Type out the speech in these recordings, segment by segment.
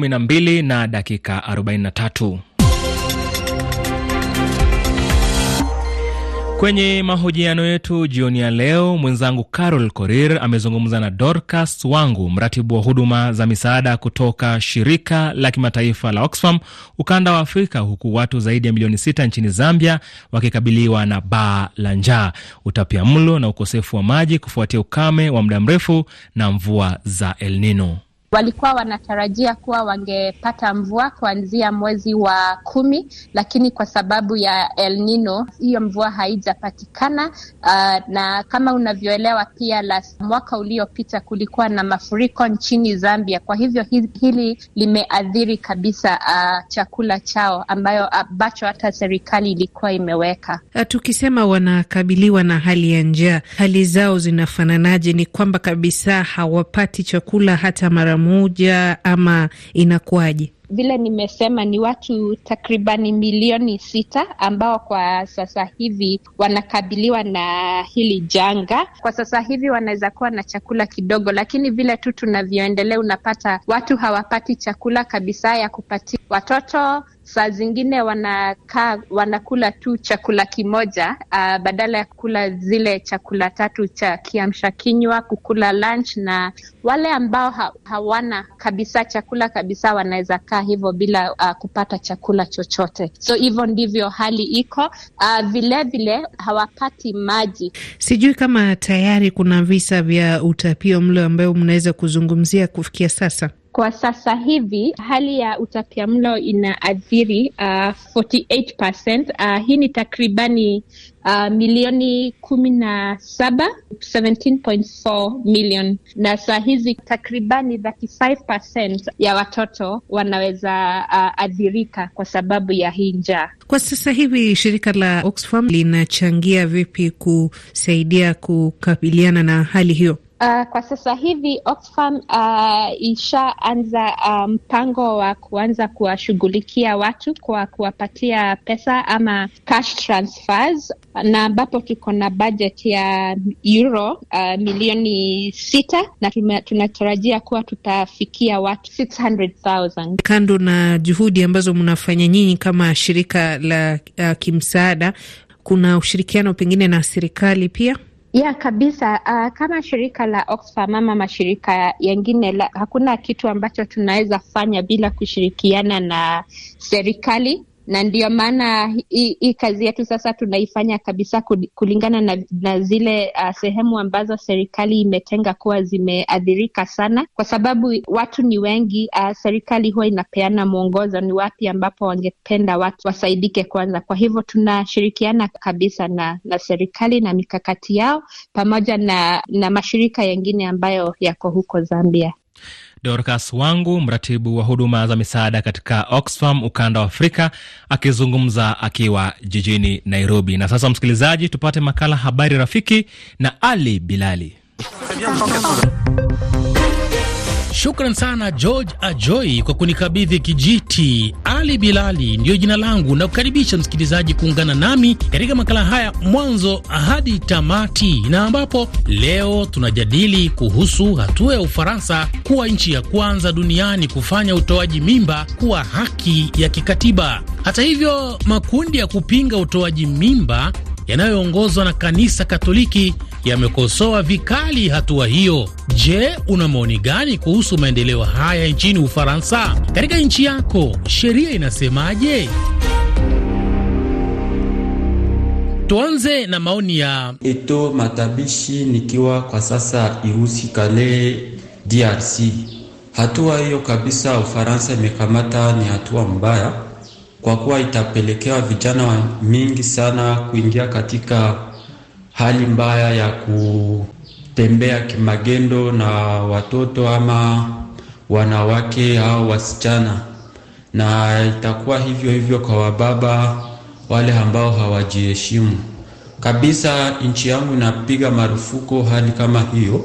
12 na dakika 43. Kwenye mahojiano yetu jioni ya leo, mwenzangu Carol Korir amezungumza na Dorcas Wangu, mratibu wa huduma za misaada kutoka shirika la kimataifa la Oxfam ukanda wa Afrika, huku watu zaidi ya milioni sita nchini Zambia wakikabiliwa na baa la njaa, utapia mlo na ukosefu wa maji kufuatia ukame wa muda mrefu na mvua za El Nino walikuwa wanatarajia kuwa wangepata mvua kuanzia mwezi wa kumi, lakini kwa sababu ya El Nino hiyo mvua haijapatikana. Uh, na kama unavyoelewa pia las, mwaka uliopita kulikuwa na mafuriko nchini Zambia, kwa hivyo hili limeathiri kabisa uh, chakula chao ambayo ambacho hata serikali ilikuwa imeweka. Ah, tukisema wanakabiliwa na hali ya njaa, hali zao zinafananaje? Ni kwamba kabisa hawapati chakula hata mara moja ama inakuwaje? vile nimesema ni watu takribani milioni sita ambao kwa sasa hivi wanakabiliwa na hili janga. Kwa sasa hivi wanaweza kuwa na chakula kidogo, lakini vile tu tunavyoendelea, unapata watu hawapati chakula kabisa ya kupatia watoto. Saa zingine wanakaa wanakula tu chakula kimoja uh, badala ya kula zile chakula tatu cha kiamsha kinywa, kukula lunch, na wale ambao ha, hawana kabisa chakula kabisa wanaweza wanakaa hivyo bila uh, kupata chakula chochote. So hivyo ndivyo hali iko uh, vilevile hawapati maji. Sijui kama tayari kuna visa vya utapio mlo ambayo mnaweza kuzungumzia kufikia sasa. Kwa sasa hivi hali ya utapia mlo inaathiri uh, 48%. Uh, hii ni takribani uh, milioni kumi na saba 17.4 million, na saa hizi takribani 35% ya watoto wanaweza uh, adhirika kwa sababu ya hii njaa. Kwa sasa hivi shirika la Oxfam linachangia vipi kusaidia kukabiliana na hali hiyo? Uh, kwa sasa hivi Oxfam uh, ishaanza uh, mpango um, wa kuanza kuwashughulikia watu kwa kuwapatia pesa ama cash transfers na ambapo tuko na bajeti ya euro uh, milioni sita na tunatarajia kuwa tutafikia watu 600,000. Kando na juhudi ambazo mnafanya nyinyi kama shirika la uh, kimsaada, kuna ushirikiano pengine na serikali pia? Ya kabisa. Uh, kama shirika la Oxfam ama mashirika yengine, hakuna kitu ambacho tunaweza fanya bila kushirikiana na serikali na ndio maana hii kazi yetu sasa tunaifanya kabisa kulingana na, na zile uh, sehemu ambazo serikali imetenga kuwa zimeathirika sana, kwa sababu watu ni wengi. Uh, serikali huwa inapeana mwongozo ni wapi ambapo wangependa watu wasaidike kwanza. Kwa hivyo tunashirikiana kabisa na, na serikali na mikakati yao pamoja na, na mashirika yengine ambayo yako huko Zambia. Dorcas Wangu, mratibu wa huduma za misaada katika Oxfam ukanda wa Afrika, akizungumza akiwa jijini Nairobi. Na sasa, msikilizaji, tupate makala Habari Rafiki na Ali Bilali. Shukran sana George Ajoi kwa kunikabidhi kijiti. Ali Bilali ndiyo jina langu na kukaribisha msikilizaji kuungana nami katika makala haya mwanzo hadi tamati, na ambapo leo tunajadili kuhusu hatua ya Ufaransa kuwa nchi ya kwanza duniani kufanya utoaji mimba kuwa haki ya kikatiba. Hata hivyo, makundi ya kupinga utoaji mimba yanayoongozwa na kanisa Katoliki yamekosoa vikali hatua hiyo. Je, una maoni gani kuhusu maendeleo haya nchini Ufaransa? Katika nchi yako sheria inasemaje? Tuanze na maoni ya Eto Matabishi, nikiwa kwa sasa Irusi Kale, DRC. Hatua hiyo kabisa Ufaransa imekamata ni hatua mbaya, kwa kuwa itapelekewa vijana mingi sana kuingia katika hali mbaya ya kutembea kimagendo na watoto ama wanawake au wasichana, na itakuwa hivyo hivyo kwa wababa wale ambao hawajiheshimu kabisa. Nchi yangu inapiga marufuku hali kama hiyo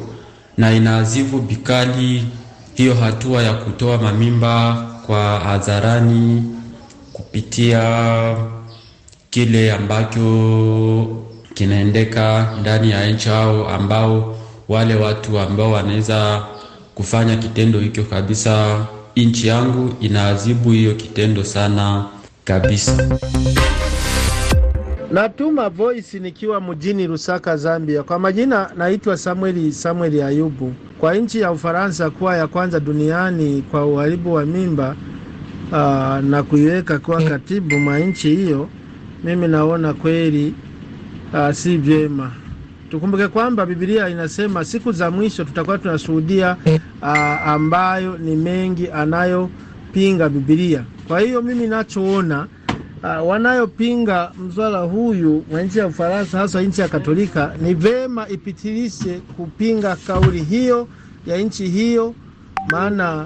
na inaazivu bikali hiyo hatua ya kutoa mamimba kwa hadharani kupitia kile ambacho kinaendeka ndani ya nchi au ambao wale watu ambao wanaweza kufanya kitendo hicho kabisa, nchi yangu inaadhibu hiyo kitendo sana kabisa. Natuma voice nikiwa mjini Lusaka, Zambia. Kwa majina naitwa Samueli Samueli Ayubu. Kwa nchi ya Ufaransa kuwa ya kwanza duniani kwa uharibu wa mimba aa, ah, na kuiweka kuwa katibu mwa nchi hiyo, mimi naona kweli uh, si vyema. Tukumbuke kwamba Biblia inasema siku za mwisho tutakuwa tunashuhudia uh, ambayo ni mengi anayopinga Biblia. Kwa hiyo mimi nachoona Uh, wanayopinga mswala huyu wa nchi ya Ufaransa hasa nchi ya Katolika ni vema ipitilishe kupinga kauli hiyo ya nchi hiyo, maana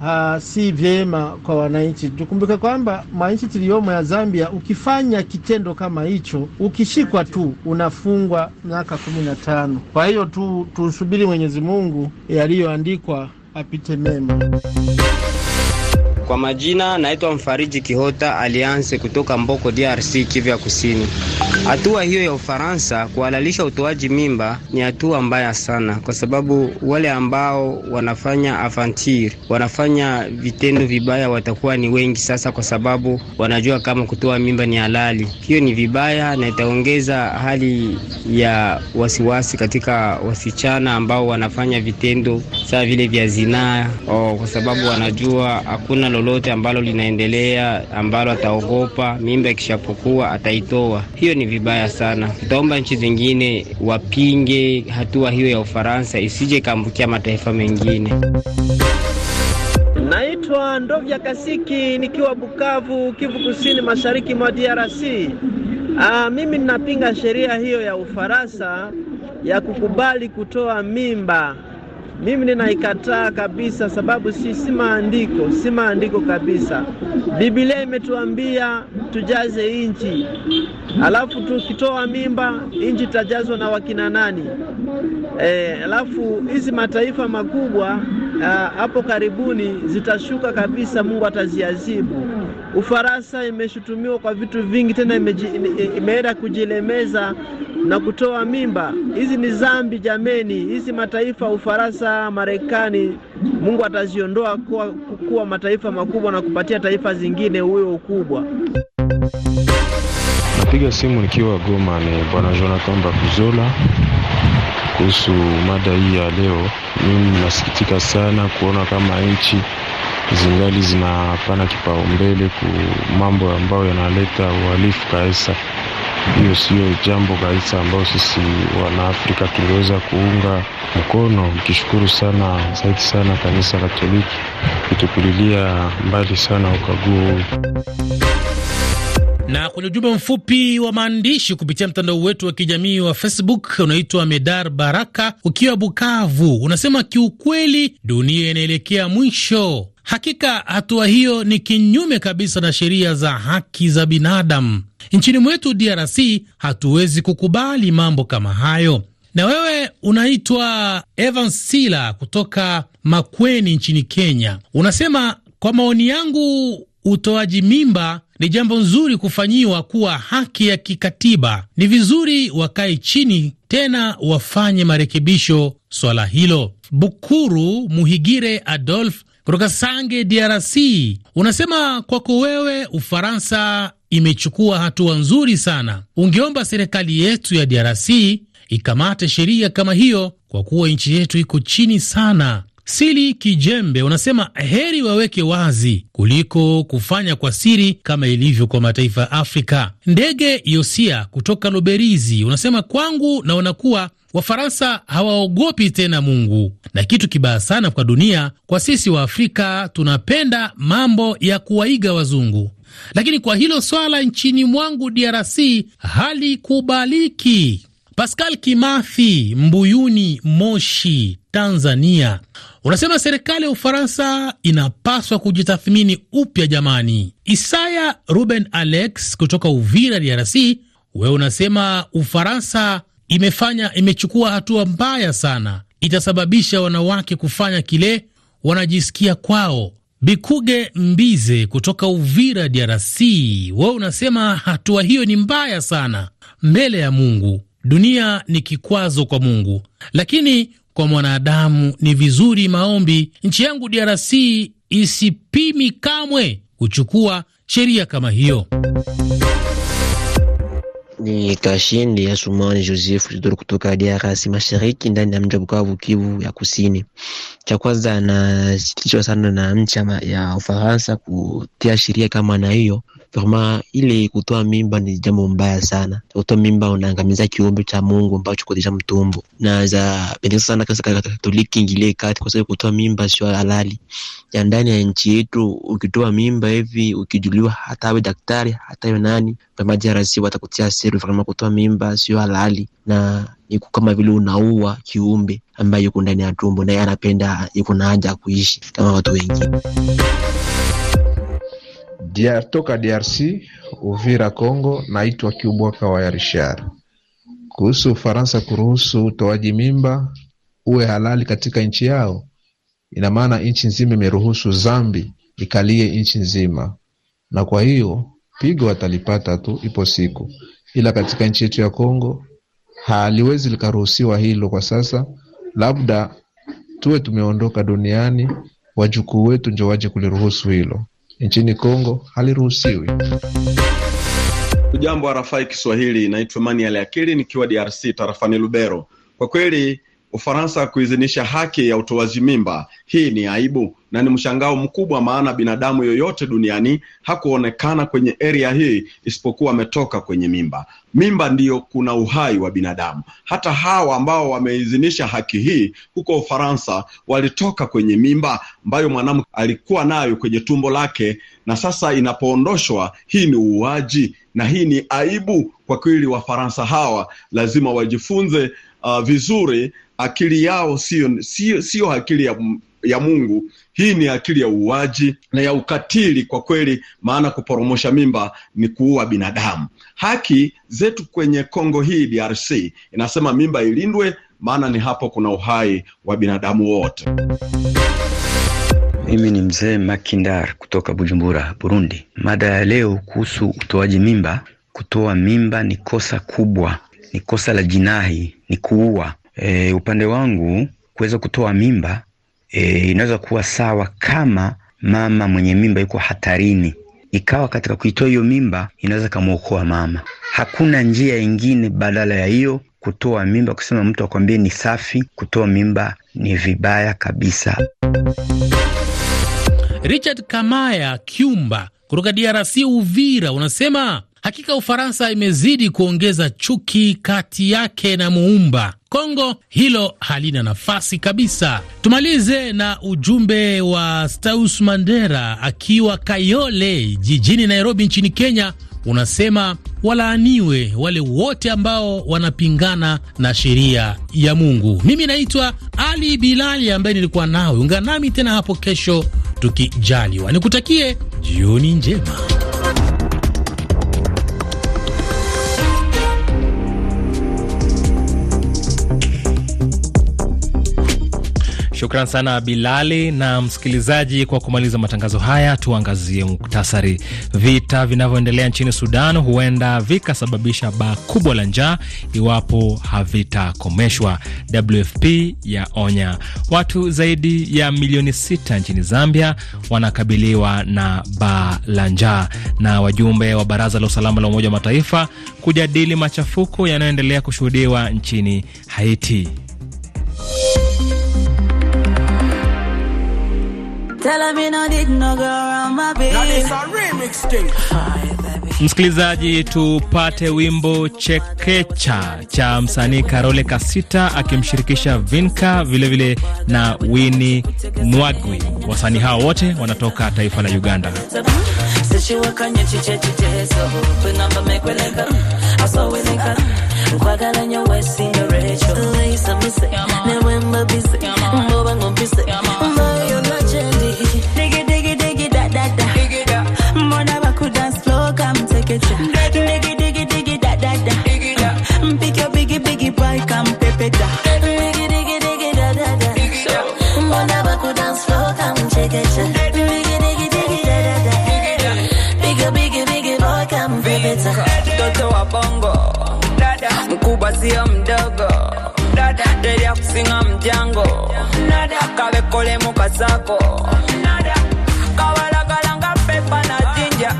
uh, si vyema kwa wananchi. Tukumbuke kwamba mwanchi tuliyomo ya Zambia, ukifanya kitendo kama hicho, ukishikwa tu unafungwa miaka kumi na tano. Kwa hiyo tu tusubiri Mwenyezi Mungu yaliyoandikwa apite mema. Kwa majina naitwa Mfariji Kihota Alianse kutoka Mboko, DRC, Kivu ya Kusini. Hatua hiyo ya Ufaransa kuhalalisha utoaji mimba ni hatua mbaya sana, kwa sababu wale ambao wanafanya avantir, wanafanya vitendo vibaya watakuwa ni wengi sasa, kwa sababu wanajua kama kutoa mimba ni halali. Hiyo ni vibaya na itaongeza hali ya wasiwasi katika wasichana ambao wanafanya vitendo saa vile vya zinaa, kwa sababu wanajua hakuna lolote ambalo linaendelea ambalo ataogopa mimba ikishapokuwa ataitoa. Hiyo ni vibaya sana. Tutaomba nchi zingine wapinge hatua hiyo ya Ufaransa isije ikaambukia mataifa mengine. Naitwa Ndovya Kasiki nikiwa Bukavu, Kivu Kusini, mashariki mwa DRC. Aa, ah, mimi ninapinga sheria hiyo ya Ufaransa ya kukubali kutoa mimba mimi ninaikataa kabisa, sababu si si maandiko, si maandiko kabisa. Biblia imetuambia tujaze nchi, alafu tukitoa mimba nchi itajazwa na wakina nani? E, alafu hizi mataifa makubwa e, hapo karibuni zitashuka kabisa, Mungu ataziazibu. Ufaransa imeshutumiwa kwa vitu vingi, tena imeenda kujilemeza na kutoa mimba. Hizi ni zambi jameni, hizi mataifa Ufaransa, Marekani, Mungu ataziondoa kuwa, kuwa mataifa makubwa na kupatia taifa zingine huyo ukubwa. Napiga simu nikiwa Goma, ni bwana Jonathan Bakuzola. Kuhusu mada hii ya leo, mimi nasikitika sana kuona kama nchi zingali zinapana kipaumbele ku mambo ambayo yanaleta uhalifu kabisa. Hiyo siyo jambo kabisa ambayo sisi Wanaafrika tuliweza kuunga mkono. Mkishukuru sana zaidi sana kanisa Katoliki kutukulilia mbali sana ukaguo huu na kwenye ujumbe mfupi wa maandishi kupitia mtandao wetu wa kijamii wa Facebook, unaitwa Medar Baraka ukiwa Bukavu, unasema kiukweli dunia inaelekea mwisho, Hakika hatua hiyo ni kinyume kabisa na sheria za haki za binadamu nchini mwetu DRC. Hatuwezi kukubali mambo kama hayo. Na wewe unaitwa Evan Sila kutoka Makweni nchini Kenya, unasema kwa maoni yangu, utoaji mimba ni jambo nzuri kufanyiwa kuwa haki ya kikatiba. Ni vizuri wakae chini tena wafanye marekebisho swala hilo. Bukuru Muhigire Adolf kutoka Sange, DRC, unasema kwako wewe Ufaransa imechukua hatua nzuri sana. Ungeomba serikali yetu ya DRC ikamate sheria kama hiyo, kwa kuwa nchi yetu iko chini sana. Sili Kijembe unasema heri waweke wazi kuliko kufanya kwa siri kama ilivyo kwa mataifa ya Afrika. Ndege Yosia kutoka Luberizi unasema kwangu naona kuwa Wafaransa hawaogopi tena Mungu na kitu kibaya sana kwa dunia. Kwa sisi wa Afrika tunapenda mambo ya kuwaiga wazungu, lakini kwa hilo swala nchini mwangu DRC halikubaliki. Pascal Kimathi, Mbuyuni, Moshi, Tanzania, unasema serikali ya Ufaransa inapaswa kujitathmini upya jamani. Isaya Ruben Alex kutoka Uvira, DRC, wewe unasema Ufaransa imefanya imechukua hatua mbaya sana, itasababisha wanawake kufanya kile wanajisikia kwao. Bikuge Mbize kutoka Uvira, DRC, wewe unasema hatua hiyo ni mbaya sana mbele ya Mungu. Dunia ni kikwazo kwa Mungu, lakini kwa mwanadamu ni vizuri maombi. Nchi yangu DRC isipimi kamwe kuchukua sheria kama hiyo. Ni Kashindi ya Sumani Joseph Lidoro kutoka DRC Mashariki, ndani ya mji wa Bukavu, Kivu ya Kusini. Cha kwanza, anasikitishwa sana na nchi ya Ufaransa kutia sheria kama na hiyo Vraiment, ile kutoa mimba ni jambo mbaya sana. Kutoa mimba unaangamiza kiumbe cha Mungu ambacho kuotesha mtumbo, na za pendeza sana kanisa Katoliki ingilie kati, kwa sababu kutoa mimba sio halali ya ndani ya nchi yetu. Ukitoa mimba hivi, ukijuliwa, hata awe daktari, hata awe nani, vraiment DRC watakutia seru. Vraiment, kutoa mimba sio halali na iko kama vile unaua kiumbe ambaye yuko ndani ya tumbo, naye anapenda, yuko na haja ya kuishi kama watu wengine. DR, toka DRC Uvira Congo. Naitwa Kiubwaka wa Yarishar. Kuhusu Ufaransa kuruhusu utoaji mimba uwe halali katika nchi yao, ina maana nchi nzima imeruhusu zambi ikalie nchi nzima, na kwa hiyo pigo watalipata tu, ipo siku. Ila katika nchi yetu ya Kongo haliwezi likaruhusiwa hilo kwa sasa, labda tuwe tumeondoka duniani, wajukuu wetu ndio waje kuliruhusu hilo nchini Kongo haliruhusiwi. Ujambo wa Rafai Kiswahili, naitwa Manuel Akili nikiwa DRC tarafani Lubero. Kwa kweli Ufaransa kuidhinisha haki ya utoaji mimba. Hii ni aibu na ni mshangao mkubwa, maana binadamu yoyote duniani hakuonekana kwenye eria hii isipokuwa ametoka kwenye mimba. Mimba ndiyo kuna uhai wa binadamu. Hata hawa ambao wameidhinisha haki hii huko Ufaransa walitoka kwenye mimba ambayo mwanamke alikuwa nayo kwenye tumbo lake, na sasa inapoondoshwa, hii ni uuaji na hii ni aibu kwa kweli. Wafaransa hawa lazima wajifunze uh, vizuri akili yao siyo, sio, sio akili ya, ya Mungu. Hii ni akili ya uuaji na ya ukatili kwa kweli, maana kuporomosha mimba ni kuua binadamu. Haki zetu kwenye Kongo hii DRC inasema mimba ilindwe, maana ni hapo kuna uhai wa binadamu wote. Mimi ni mzee Makindar kutoka Bujumbura, Burundi. Mada ya leo kuhusu utoaji mimba. Kutoa mimba ni kosa kubwa, ni kosa la jinai, ni kuua e, upande wangu kuweza kutoa mimba e, inaweza kuwa sawa kama mama mwenye mimba yuko hatarini, ikawa katika kuitoa hiyo mimba inaweza kamwokoa mama. Hakuna njia ingine badala ya hiyo kutoa mimba. Kusema mtu akwambie ni safi, kutoa mimba ni vibaya kabisa. Richard Kamaya Kyumba kutoka DRC Uvira unasema hakika Ufaransa imezidi kuongeza chuki kati yake na muumba Kongo, hilo halina nafasi kabisa. Tumalize na ujumbe wa Staus Mandera akiwa Kayole jijini Nairobi nchini Kenya. Unasema walaaniwe wale wote ambao wanapingana na sheria ya Mungu. Mimi naitwa Ali Bilali ambaye nilikuwa nawe. Ungana nami tena hapo kesho tukijaliwa. Nikutakie jioni njema. Shukran sana Bilali na msikilizaji. Kwa kumaliza matangazo haya, tuangazie muktasari. Vita vinavyoendelea nchini Sudan huenda vikasababisha baa kubwa la njaa iwapo havitakomeshwa. WFP ya onya watu zaidi ya milioni sita nchini Zambia wanakabiliwa na baa la njaa. Na wajumbe wa Baraza la Usalama la Umoja wa Mataifa kujadili machafuko yanayoendelea kushuhudiwa nchini Haiti. Msikilizaji, tupate wimbo Chekecha cha msanii Karole Kasita akimshirikisha Vinka vilevile vile na wini Mwagwi. Wasanii hao wote wanatoka taifa la Uganda. sio mdogo deli ya kusinga mjango kavekole mukasako kawalakalanga pepa na jinja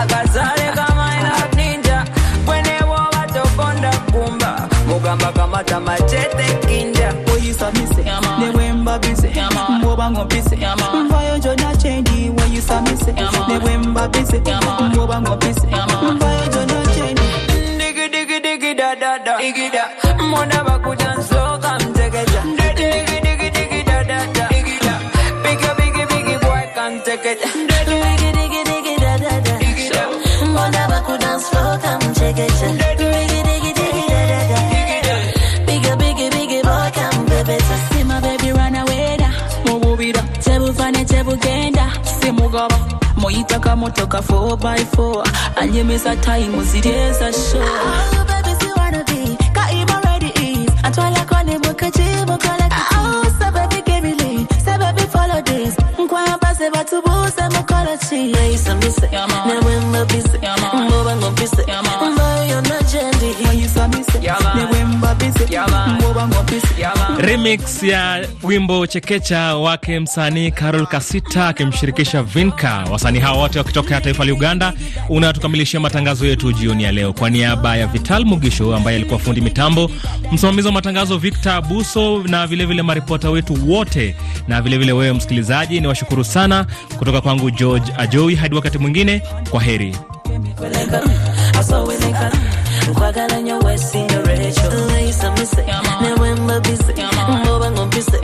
akazale kamaina ninja kwenewoba tokonda kumba mugamba kamata machete kinja oyisamise newembabize mbobangopise mvayo jona chendi wayisamise newembabize mbobangopise mvayo jona da digi da mbona bakuja nsoka mtekeja digi digi digi da da da digi da bigi bigi boy can take it digi digi digi da da da digi da mbona bakuja nsoka mtekeja digi digi digi da da da digi da bigi bigi boy can baby so my baby run away da mububira tebufane tebugenda simugaba moyitaka motoka 4 by 4 anyemeza time zireza show À toi oh, ça va bien qu'Emily, ça va bien this. Quoi, pas, c'est pas tout beau, c'est mon collègue. Mais ça me sait, mais moi, me pisse, moi, me pisse, moi, remix ya wimbo Chekecha wake msanii Carol Kasita akimshirikisha Vinka, wasanii hao wote wakitoka taifa la Uganda. Unatukamilishia matangazo yetu jioni ya leo. Kwa niaba ya Vital Mugisho ambaye alikuwa fundi mitambo, msimamizi wa matangazo Victor Abuso na vilevile maripota wetu wote na vilevile wewe msikilizaji, ni washukuru sana kutoka kwangu George Ajoi. Hadi wakati mwingine, kwa heri. masoweleka nkwagala nnyo wesinga recho leyisa mise newe mbabise ngoba ngompise